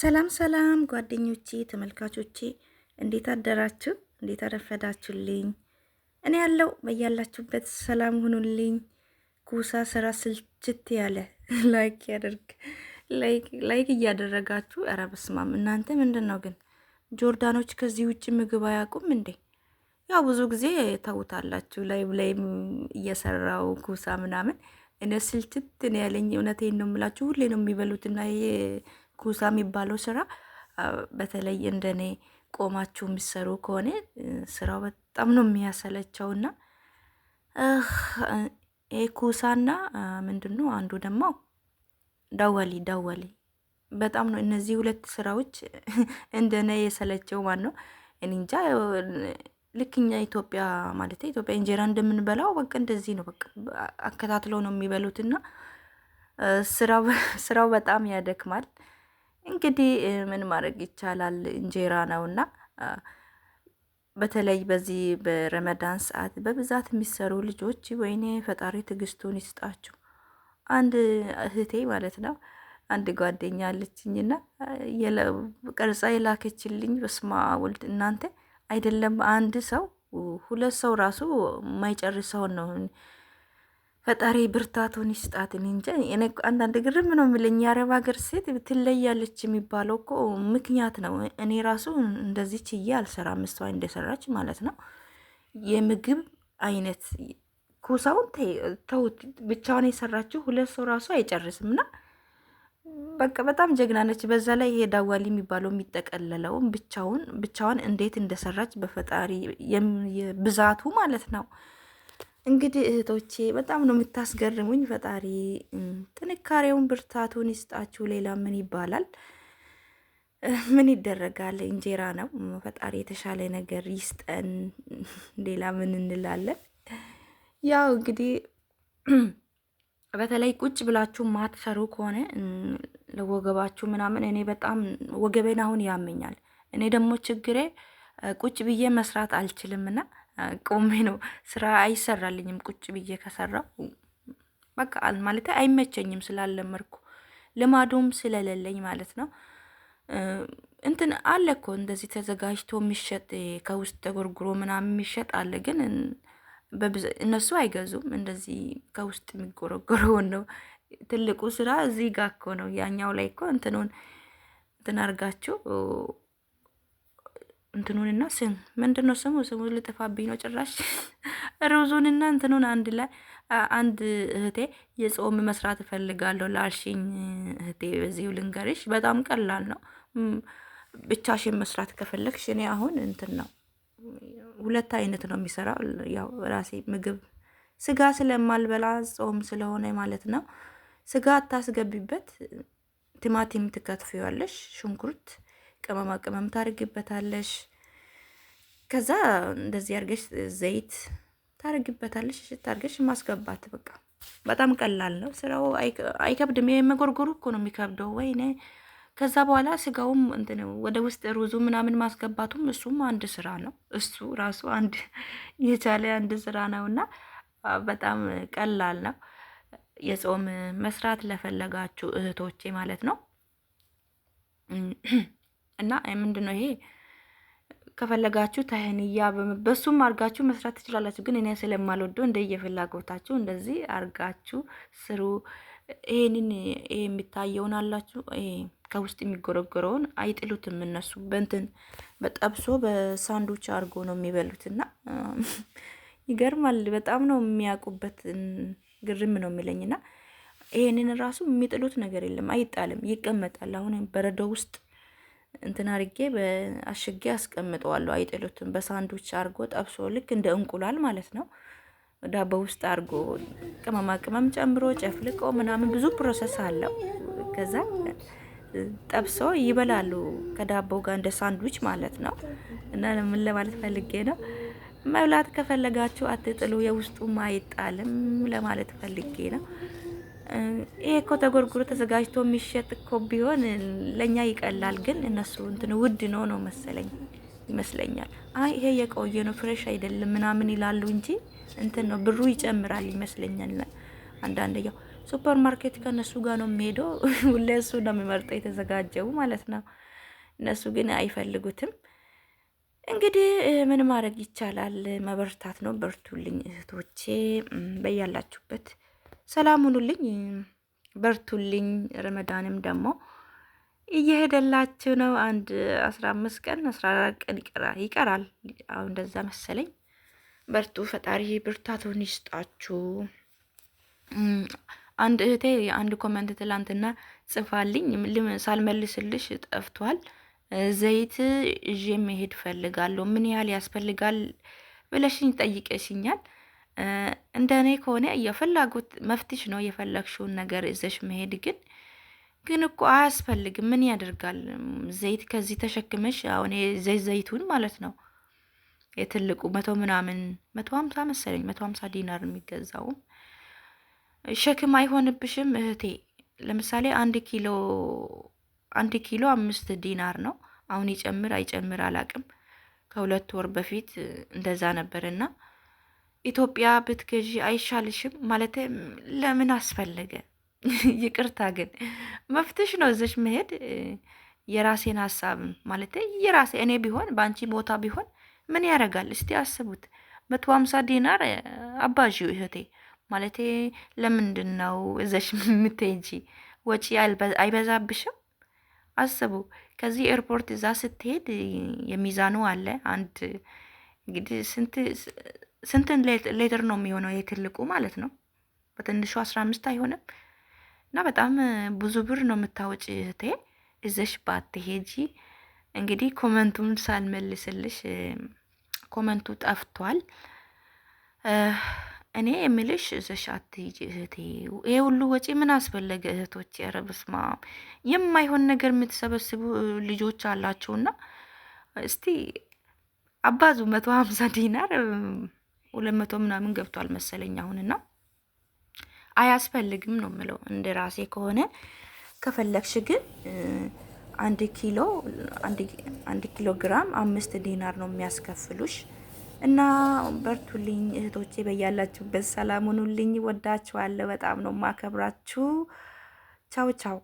ሰላም ሰላም ጓደኞቼ ተመልካቾቼ እንዴት አደራችሁ? እንዴት አረፈዳችሁልኝ? እኔ ያለው በያላችሁበት ሰላም ሁኑልኝ። ኩሳ ስራ ስልችት ያለ ላይክ ያደርግ ላይክ እያደረጋችሁ ኧረ በስመ አብ እናንተ ምንድን ነው ግን ጆርዳኖች ከዚህ ውጭ ምግብ አያውቁም እንዴ? ያው ብዙ ጊዜ ታውታላችሁ ላይ ላይ እየሰራው ኩሳ ምናምን እነ ስልችት ነው ያለኝ። እውነቴን ነው የምላችሁ። ሁሌ ነው የሚበሉትና ይሄ ኩሳ የሚባለው ስራ በተለይ እንደኔ ቆማችሁ የሚሰሩ ከሆነ ስራው በጣም ነው የሚያሰለቸውና ይሄ ኩሳና ምንድን ነው አንዱ ደግሞ ደወሊ ደወሊ በጣም ነው እነዚህ ሁለት ስራዎች እንደኔ የሰለቸው ማን ነው እንጃ። ልክኛ ኢትዮጵያ ማለት ኢትዮጵያ እንጀራ እንደምንበላው በቃ እንደዚህ ነው። በቃ አከታትለው ነው የሚበሉትና ስራው በጣም ያደክማል። እንግዲህ ምን ማድረግ ይቻላል፣ እንጀራ እና በተለይ በዚህ በረመዳን ሰዓት በብዛት የሚሰሩ ልጆች ወይኔ ፈጣሪ ትዕግስቱን ይስጣችሁ። አንድ እህቴ ማለት ነው አንድ ጓደኛ አለችኝና ቀርጻ የላከችልኝ በስማ ወልድ እናንተ አይደለም አንድ ሰው ሁለት ሰው ራሱ የማይጨርሰውን ነው ፈጣሪ ብርታቱን ይስጣት። እኔ እንጃ እኔ አንዳንድ ግርም ነው የሚለኝ የአረብ ሀገር ሴት ትለያለች የሚባለው እኮ ምክንያት ነው። እኔ ራሱ እንደዚህ ችዬ አልሰራ እሷ እንደሰራች ማለት ነው። የምግብ አይነት ኩሳውን ተውት፣ ብቻውን የሰራችው ሁለት ሰው ራሱ አይጨርስም። ና በቃ በጣም ጀግና ነች። በዛ ላይ ይሄ ዳዋሊ የሚባለው የሚጠቀለለውን ብቻውን ብቻውን እንዴት እንደሰራች በፈጣሪ ብዛቱ ማለት ነው እንግዲህ እህቶቼ በጣም ነው የምታስገርሙኝ። ፈጣሪ ጥንካሬውን ብርታቱን ይስጣችሁ። ሌላ ምን ይባላል? ምን ይደረጋል? እንጀራ ነው። ፈጣሪ የተሻለ ነገር ይስጠን። ሌላ ምን እንላለን? ያው እንግዲህ በተለይ ቁጭ ብላችሁ ማትሰሩ ከሆነ ለወገባችሁ ምናምን፣ እኔ በጣም ወገቤን አሁን ያመኛል። እኔ ደግሞ ችግሬ ቁጭ ብዬ መስራት አልችልምና ቆሜ ነው ስራ አይሰራልኝም። ቁጭ ብዬ ከሰራው በቃ ማለት አይመቸኝም ስላለመርኩ ልማዶም ስለሌለኝ ማለት ነው። እንትን አለ እኮ እንደዚህ ተዘጋጅቶ የሚሸጥ ከውስጥ ተጎርጉሮ ምናምን የሚሸጥ አለ፣ ግን እነሱ አይገዙም። እንደዚህ ከውስጥ የሚጎረጎረውን ነው። ትልቁ ስራ እዚህ ጋ እኮ ነው። ያኛው ላይ እኮ እንትንን እንትን አርጋችሁ እንትኑንና ስም ምንድን ነው ስሙ? ስሙ ልጠፋብኝ ነው ጭራሽ። ሩዙንና እንትኑን አንድ ላይ አንድ እህቴ የጾም መስራት እፈልጋለሁ ላልሽኝ እህቴ በዚሁ ልንገርሽ፣ በጣም ቀላል ነው። ብቻሽን መስራት ከፈለግሽ እኔ አሁን እንትን ነው ሁለት አይነት ነው የሚሰራው። ያው ራሴ ምግብ ስጋ ስለማልበላ ጾም ስለሆነ ማለት ነው። ስጋ አታስገቢበት። ቲማቲም ትከትፊዋለሽ፣ ሽንኩርት ቅመማ ቅመም ታርግበታለሽ። ከዛ እንደዚህ አርገሽ ዘይት ታርግበታለሽ። እሽት አርገሽ ማስገባት በቃ በጣም ቀላል ነው ስራው፣ አይከብድም። የመጎርጎሩ እኮ ነው የሚከብደው። ወይኔ ከዛ በኋላ ስጋውም እንትን ወደ ውስጥ ሩዙ ምናምን ማስገባቱም እሱም አንድ ስራ ነው። እሱ ራሱ አንድ የቻለ አንድ ስራ ነው እና በጣም ቀላል ነው። የጾም መስራት ለፈለጋችሁ እህቶቼ ማለት ነው። እና ምንድን ነው ይሄ ከፈለጋችሁ ተህንያ በሱም አርጋችሁ መስራት ትችላላችሁ። ግን እኔ ስለማልወደው እንደየፍላጎታችሁ እንደዚህ አርጋችሁ ስሩ። ይሄንን ይሄ የሚታየውን አላችሁ ይሄ ከውስጥ የሚጎረጎረውን አይጥሉትም እነሱ በንትን በጠብሶ በሳንዱች አርጎ ነው የሚበሉትና ይገርማል። በጣም ነው የሚያውቁበት። ግርም ነው የሚለኝና ይሄንን ራሱ የሚጥሉት ነገር የለም አይጣልም፣ ይቀመጣል። አሁን በረዶ ውስጥ እንትን አርጌ አሽጌ አስቀምጠዋለሁ። አይጥሉትም። በሳንዱች አርጎ ጠብሶ ልክ እንደ እንቁላል ማለት ነው። ዳቦ ውስጥ አርጎ ቅመማ ቅመም ጨምሮ ጨፍልቆ ምናምን ብዙ ፕሮሰስ አለው። ከዛ ጠብሶ ይበላሉ ከዳቦ ጋር እንደ ሳንዱች ማለት ነው። እና ምን ለማለት ፈልጌ ነው፣ መብላት ከፈለጋችሁ አትጥሉ፣ የውስጡም አይጣልም ለማለት ፈልጌ ነው። ይሄ እኮ ተጎርጉሮ ተዘጋጅቶ የሚሸጥ እኮ ቢሆን ለእኛ ይቀላል፣ ግን እነሱ እንትን ውድ ነው ነው መሰለኝ ይመስለኛል። አይ ይሄ የቆየ ነው ፍሬሽ አይደለም ምናምን ይላሉ እንጂ እንትን ነው ብሩ ይጨምራል ይመስለኛል። አንዳንድ ያው ሱፐር ማርኬት ከእነሱ ጋር ነው የሚሄደው፣ ሁሌ እሱ ነው የሚመርጠው የተዘጋጀው ማለት ነው። እነሱ ግን አይፈልጉትም። እንግዲህ ምን ማድረግ ይቻላል? መበርታት ነው። በርቱልኝ እህቶቼ በያላችሁበት ሰላም ሁኑልኝ፣ በርቱልኝ። ረመዳንም ደግሞ እየሄደላችሁ ነው። አንድ አስራ አምስት ቀን አስራ አራት ቀን ይቀራል። አሁን እንደዛ መሰለኝ። በርቱ፣ ፈጣሪ ብርታቱን ይስጣችሁ። አንድ እህቴ አንድ ኮመንት ትላንትና ጽፋልኝ ሳልመልስልሽ ጠፍቷል። ዘይት ይዤ መሄድ ፈልጋለሁ ምን ያህል ያስፈልጋል ብለሽኝ ጠይቀሽኛል። እንደ እኔ ከሆነ የፍላጎት መፍትሽ ነው የፈለግሽውን ነገር እዘሽ መሄድ ግን ግን እኮ አያስፈልግም። ምን ያደርጋል ዘይት ከዚህ ተሸክመሽ አሁን ዘይት ዘይቱን ማለት ነው የትልቁ መቶ ምናምን መቶ ሀምሳ መሰለኝ መቶ ሀምሳ ዲናር የሚገዛውም ሸክም አይሆንብሽም እህቴ። ለምሳሌ አንድ ኪሎ አንድ ኪሎ አምስት ዲናር ነው። አሁን ይጨምር አይጨምር አላቅም። ከሁለት ወር በፊት እንደዛ ነበርና። እና ኢትዮጵያ ብትገዢ አይሻልሽም ማለት ለምን አስፈለገ? ይቅርታ ግን መፍትሽ ነው እዚሽ መሄድ። የራሴን ሀሳብ ማለት የራሴ እኔ ቢሆን በአንቺ ቦታ ቢሆን ምን ያደርጋል? እስቲ አስቡት። መቶ ሀምሳ ዲናር አባዢው እህቴ ማለት ለምንድን ነው እዚሽ የምትሄጂ? ወጪ አይበዛብሽም? አስቡ። ከዚህ ኤርፖርት እዛ ስትሄድ የሚዛኑ አለ አንድ እንግዲህ ስንት ስንትን ሌትር ነው የሚሆነው? የትልቁ ማለት ነው። በትንሹ አስራ አምስት አይሆንም። እና በጣም ብዙ ብር ነው የምታወጪ እህቴ፣ እዘሽ ባትሄጂ። እንግዲህ ኮመንቱን ሳልመልስልሽ ኮመንቱ ጠፍቷል። እኔ የምልሽ እዘሽ አትሄጂ እህቴ። ይህ ሁሉ ወጪ ምን አስፈለገ እህቶች? ኧረ በስመ አብ የማይሆን ነገር የምትሰበስቡ ልጆች አላቸውና እስቲ አባዙ መቶ ሀምሳ ዲናር ሁለት መቶ ምናምን ገብቷል መሰለኝ አሁንና አያስፈልግም ነው የምለው እንደ ራሴ ከሆነ ከፈለግሽ ግን አንድ ኪሎ አንድ ኪሎ ግራም አምስት ዲናር ነው የሚያስከፍሉሽ እና በርቱልኝ እህቶቼ በያላችሁበት ሰላም ሁኑልኝ ወዳችኋለሁ በጣም ነው ማከብራችሁ ቻው ቻው